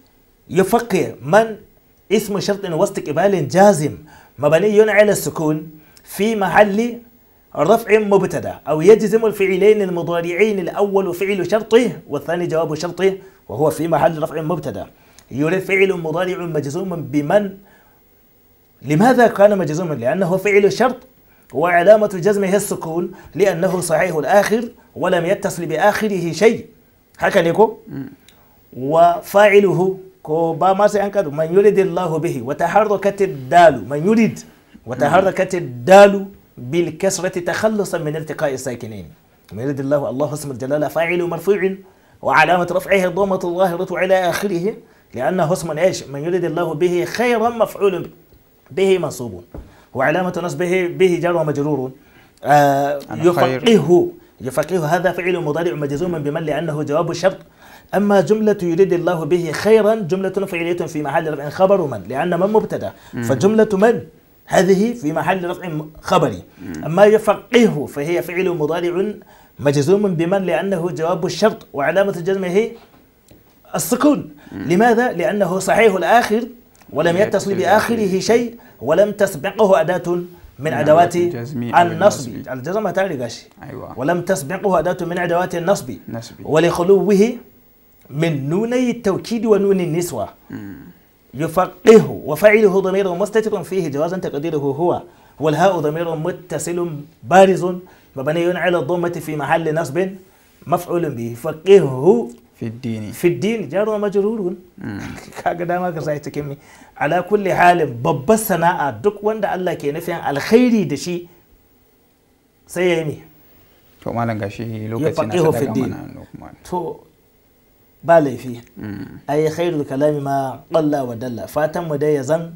yufaqih man اسم شرط وسط قبال جازم مبني على السكون في محل رفع مبتدا أو يجزم الفعلين المضارعين الأول فعل شرطه والثاني جواب شرطه وهو في محل رفع مبتدا يريد فعل مضارع مجزوم بمن لماذا كان مجزوما لأنه فعل شرط وعلامة جزمه السكون لأنه صحيح الآخر ولم يتصل بآخره شيء هكذا وفاعله ko ba ma sai an kadu man yuridillahu bihi wa taharrakat dalu man yurid wa taharrakat dalu bil kasrati takhallasan min iltiqa'i sakinain man yuridillahu Allahu ismul jalala fa'ilu marfu'in wa alamat raf'ihi dhammatu dhahiratu ala akhirih لأنه اسم ايش؟ من يريد الله به خيرا مفعول به منصوب وعلامة نصبه به جار ومجرور آه يفقهه يفقهه هذا فعل مضارع مجزوم بمن لأنه جواب الشرط أما جملة يريد الله به خيرا جملة فعلية في محل رفع خبر من لأن من مبتدأ فجملة من هذه في محل رفع خبري أما يفقه فهي فعل مضارع مجزوم بمن لأنه جواب الشرط وعلامة جزمه السكون لماذا؟ لأنه صحيح الآخر ولم يتصل بآخره شيء ولم تسبقه أداة من نعم، أدوات النصب الجزم تعرف أيوة. ولم تسبقه أداة من أدوات النصب ولخلوه من نوني التوكيد ونون النسوة يفقه وفعله ضمير مستتر فيه جوازا تقديره هو والهاء ضمير متصل بارز مبني على الضمة في محل نصب مفعول به فقهه في الدين في الدين جار ومجرور kaga dama ka sai cikin mi ala kulli halin babbar sana'a duk wanda Allah ke nufin alkhairi da shi sai ya yi to ba laifi ai khairul kalami ma qalla wa dalla fatan mu dai ya zan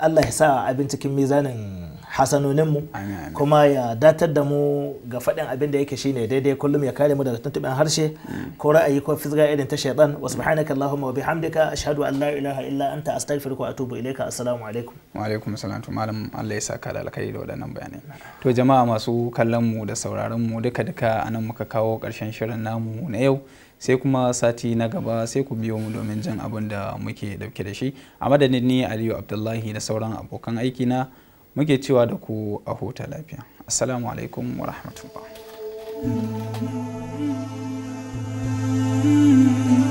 Allah ya sa abin cikin mizanin hasanoninmu kuma ya datar da mu ga faɗin abin da yake shine daidai kullum ya kare mu daga tuntuɓen harshe ko ra'ayi ko fisga irin ta shaitan wa subhanaka allahumma wa bihamdika ashhadu an la ilaha illa anta astaghfiruka wa atubu ilayka assalamu alaikum wa alaikum assalam to malam Allah ya saka da alkhairi da waɗannan bayanai to jama'a masu kallon mu da sauraron mu duka duka anan muka kawo karshen shirin namu na yau sai kuma sati na gaba sai ku biyo mu domin jin abin da muke dauke da shi a madadin ni aliyu abdullahi da sauran abokan aiki na muke cewa da ku a huta lafiya assalamu alaikum wa rahmatullah